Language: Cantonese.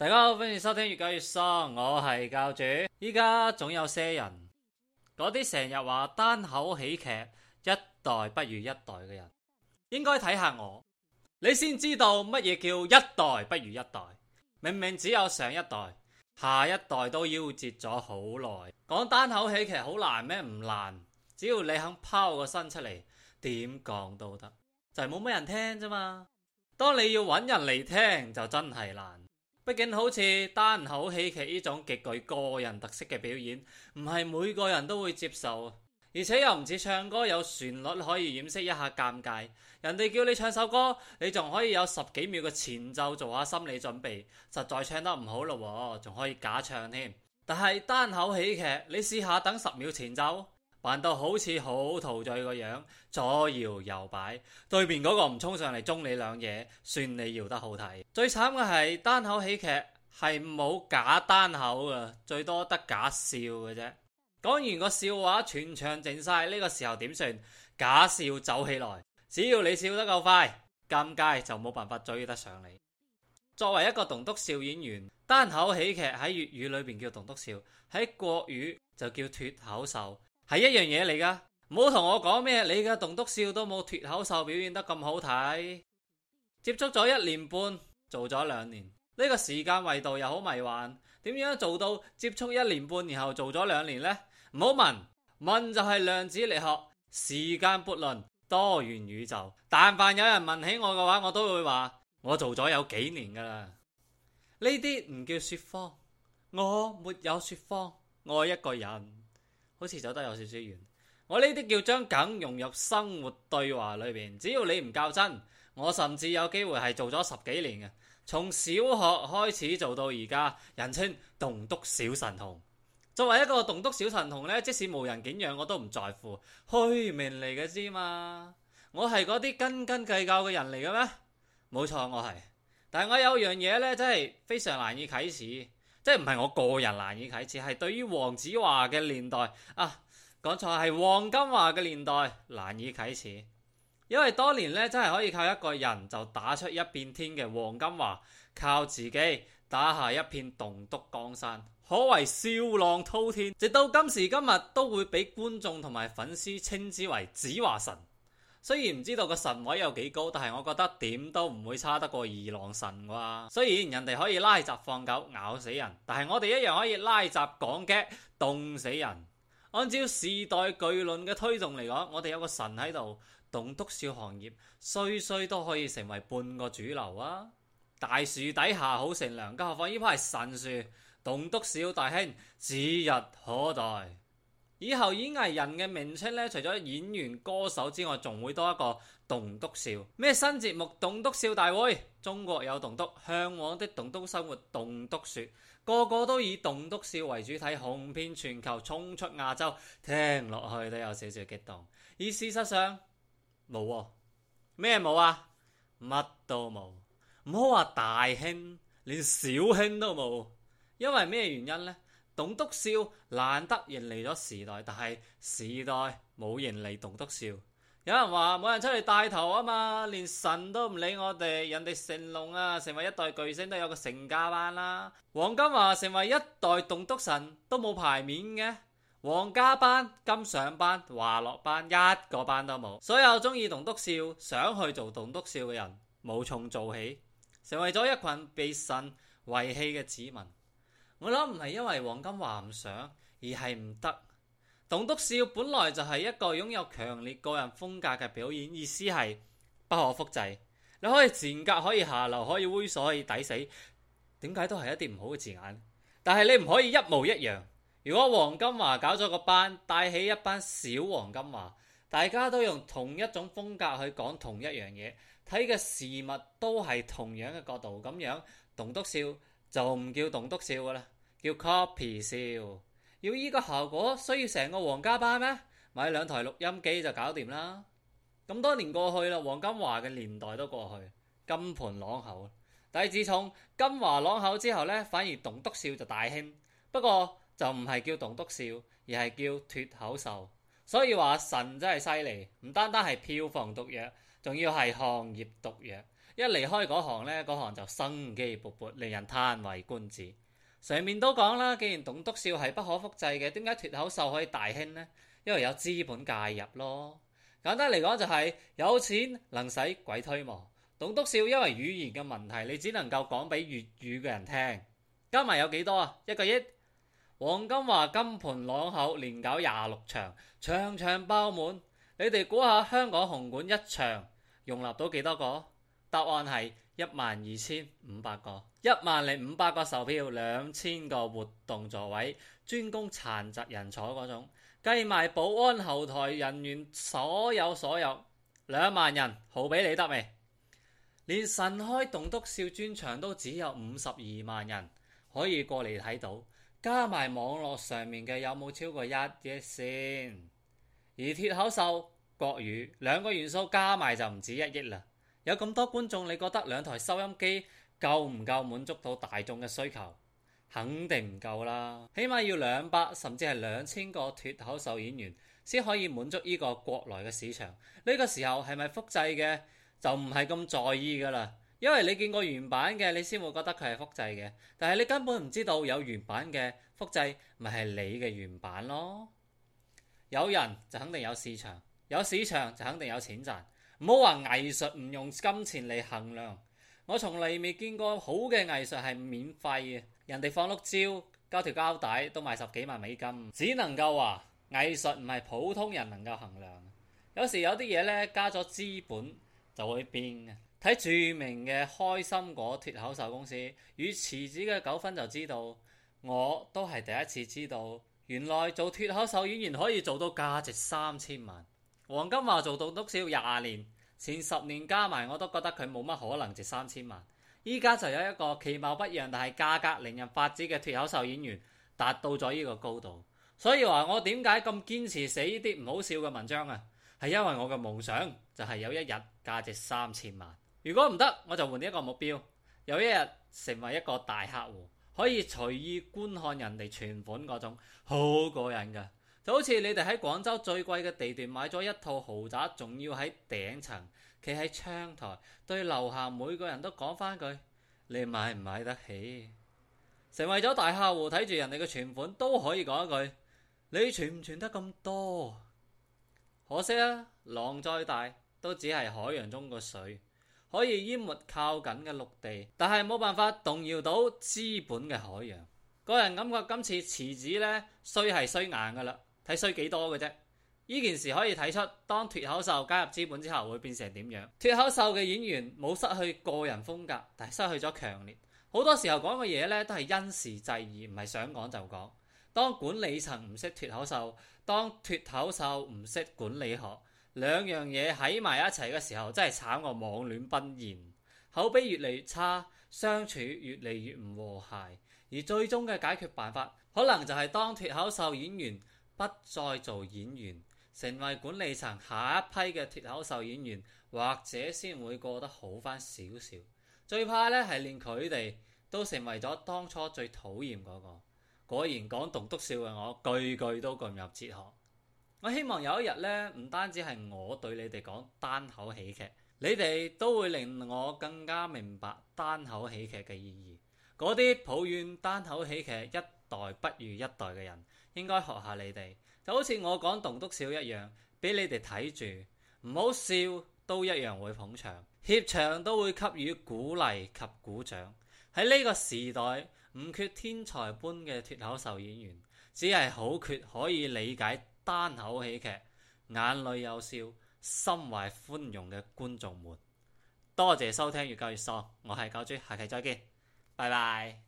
大家好，歡迎收聽越搞越深，我係教主。依家總有些人，嗰啲成日話單口喜劇一代不如一代嘅人，應該睇下我，你先知道乜嘢叫一代不如一代。明明只有上一代，下一代都夭折咗好耐。講單口喜劇好難咩？唔難，只要你肯拋個身出嚟，點講都得，就係冇乜人聽啫嘛。當你要揾人嚟聽，就真係難。畢竟好似單口喜劇呢種極具個人特色嘅表演，唔係每個人都會接受，而且又唔似唱歌有旋律可以掩飾一下尷尬。人哋叫你唱首歌，你仲可以有十幾秒嘅前奏做下心理準備，實在唱得唔好咯，仲可以假唱添。但係單口喜劇，你試下等十秒前奏。扮到好似好陶醉個樣，左搖右擺，對面嗰個唔衝上嚟中你兩嘢，算你搖得好睇。最慘嘅係單口喜劇係冇假單口噶，最多得假笑嘅啫。講完個笑話，全場靜晒，呢個時候點算？假笑走起來，只要你笑得夠快，尷尬就冇辦法追得上你。作為一個棟篤笑演員，單口喜劇喺粵語裏邊叫棟篤笑，喺國語就叫脱口秀。係一樣嘢嚟噶，唔好同我講咩，你嘅棟篤笑都冇脱口秀表現得咁好睇。接觸咗一年半，做咗兩年，呢個時間維度又好迷幻。點樣做到接觸一年半然後做咗兩年呢？唔好問，問就係量子力學、時間悖論、多元宇宙。但凡有人問起我嘅話，我都會話我做咗有幾年噶啦。呢啲唔叫說謊，我沒有說謊，愛一個人。好似走得有少少遠，我呢啲叫將梗融入生活對話裏面，只要你唔較真，我甚至有機會係做咗十幾年嘅，從小學開始做到而家，人稱棟篤小神童。作為一個棟篤小神童呢，即使無人景仰，我都唔在乎虛名嚟嘅之嘛。我係嗰啲斤斤計較嘅人嚟嘅咩？冇錯，我係。但係我有樣嘢呢，真係非常難以啟齒。即係唔係我個人難以啟齒，係對於黃子華嘅年代啊，講錯，係黃金華嘅年代難以啟齒，因為多年咧，真係可以靠一個人就打出一片天嘅黃金華，靠自己打下一片棟篤江山，可謂笑浪滔天，直到今時今日都會俾觀眾同埋粉絲稱之為子華神。雖然唔知道個神位有幾高，但係我覺得點都唔會差得過二郎神啩，啊。雖然人哋可以拉閘放狗咬死人，但係我哋一樣可以拉閘講 gag 凍死人。按照時代巨輪嘅推動嚟講，我哋有個神喺度，棟篤笑行業衰衰都可以成為半個主流啊！大樹底下好乘涼，更何況呢棵係神樹，棟篤笑大興指日可待。以後演藝人嘅名稱呢，除咗演員、歌手之外，仲會多一個棟篤笑。咩新節目？棟篤笑大會。中國有棟篤，向往的棟篤生活，棟篤說，個個都以棟篤笑為主題，紅遍全球，衝出亞洲，聽落去都有少少激動。而事實上，冇咩冇啊，乜都冇。唔好話大興，連小興都冇。因為咩原因呢？棟篤笑難得迎嚟咗時代，但係時代冇迎嚟棟篤笑。有人話冇人出嚟帶頭啊嘛，連神都唔理我哋。人哋成龍啊，成為一代巨星都有個成家班啦、啊。黃金華成為一代棟篤神都冇牌面嘅。黃家班、金上班、華落班，一個班都冇。所有中意棟篤笑想去做棟篤笑嘅人，冇從做起，成為咗一群被神遺棄嘅子民。我諗唔係因為黃金華唔想，而係唔得。棟篤笑本來就係一個擁有強烈個人風格嘅表演，意思係不可複製。你可以賤格，可以下流，可以猥瑣，可以抵死，點解都係一啲唔好嘅字眼。但係你唔可以一模一樣。如果黃金華搞咗個班，帶起一班小黃金華，大家都用同一種風格去講同一樣嘢，睇嘅事物都係同樣嘅角度，咁樣棟篤笑。就唔叫棟篤笑噶啦，叫 copy 笑。要依個效果，需要成個皇家班咩？買兩台錄音機就搞掂啦。咁多年過去啦，黃金華嘅年代都過去，金盆朗口。但係自從金華朗口之後呢，反而棟篤笑就大興。不過就唔係叫棟篤笑，而係叫脱口秀。所以話神真係犀利，唔單單係票房毒藥，仲要係行業毒藥。一離開嗰行呢嗰行就生機勃勃，令人歎為觀止。上面都講啦，既然棟篤笑係不可複製嘅，點解脱口秀可以大興呢？因為有資本介入咯。簡單嚟講就係有錢能使鬼推磨。棟篤笑因為語言嘅問題，你只能夠講俾粵語嘅人聽。加埋有幾多啊？一個億黃子華金盆啷口連搞廿六場，場場爆滿。你哋估下香港紅館一場容納到幾多個？答案係一萬二千五百個，一萬零五百個售票，兩千個活動座位，專供殘疾人坐嗰種，計埋保安後台人員，所有所有兩萬人，好俾你得未？連神開棟篤笑專場都只有五十二萬人可以過嚟睇到，加埋網絡上面嘅有冇超過一億先？而脫口秀國語兩個元素加埋就唔止一億啦。有咁多觀眾，你覺得兩台收音機夠唔夠滿足到大眾嘅需求？肯定唔夠啦，起碼要兩百甚至係兩千個脱口秀演員先可以滿足呢個國內嘅市場。呢、這個時候係咪複製嘅就唔係咁在意噶啦，因為你見過原版嘅，你先會覺得佢係複製嘅。但係你根本唔知道有原版嘅複製咪係、就是、你嘅原版咯。有人就肯定有市場，有市場就肯定有錢賺。唔好話藝術唔用金錢嚟衡量，我從嚟未見過好嘅藝術係免費嘅，人哋放碌蕉加條膠帶都賣十幾萬美金，只能夠話藝術唔係普通人能夠衡量。有時有啲嘢呢，加咗資本就會變嘅，睇著名嘅開心果脫口秀公司與池子嘅糾紛就知道，我都係第一次知道，原來做脫口秀演員可以做到價值三千萬。黃金話做棟篤笑廿年前十年加埋，我都覺得佢冇乜可能值三千萬，而家就有一個其貌不揚但係價格令人髮指嘅脫口秀演員達到咗呢個高度，所以話我點解咁堅持寫呢啲唔好笑嘅文章啊？係因為我嘅夢想就係有一日價值三千萬，如果唔得我就換一個目標，有一日成為一個大客戶，可以隨意觀看人哋存款嗰種，好過癮噶。就好似你哋喺廣州最貴嘅地段買咗一套豪宅，仲要喺頂層企喺窗台，對樓下每個人都講翻句：你買唔買得起？成為咗大客戶，睇住人哋嘅存款都可以講一句：你存唔存得咁多？可惜啊，浪再大都只係海洋中嘅水，可以淹沒靠近嘅陸地，但係冇辦法動搖到資本嘅海洋。個人感覺今次池子呢，衰係衰硬噶啦。睇衰幾多嘅啫？呢件事可以睇出，當脫口秀加入資本之後會變成點樣？脫口秀嘅演員冇失去個人風格，但係失去咗強烈。好多時候講嘅嘢咧都係因時制宜，唔係想講就講。當管理層唔識脫口秀，當脫口秀唔識管理學，兩樣嘢喺埋一齊嘅時候，真係慘過網戀奔現，口碑越嚟越差，相處越嚟越唔和諧。而最終嘅解決辦法可能就係當脫口秀演員。不再做演員，成為管理層下一批嘅脱口秀演員，或者先會過得好返少少。最怕咧係連佢哋都成為咗當初最討厭嗰個。果然講棟篤笑嘅我，句句都咁入哲學。我希望有一日咧，唔單止係我對你哋講單口喜劇，你哋都會令我更加明白單口喜劇嘅意義。嗰啲抱怨單口喜劇一代不如一代嘅人。應該學下你哋，就好似我講棟篤笑一樣，俾你哋睇住，唔好笑都一樣會捧場，協場都會給予鼓勵及鼓掌。喺呢個時代，唔缺天才般嘅脫口秀演員，只係好缺可以理解單口喜劇、眼淚有笑、心懷寬容嘅觀眾們。多謝收聽，越教越喪，我係教主，下期再見，拜拜。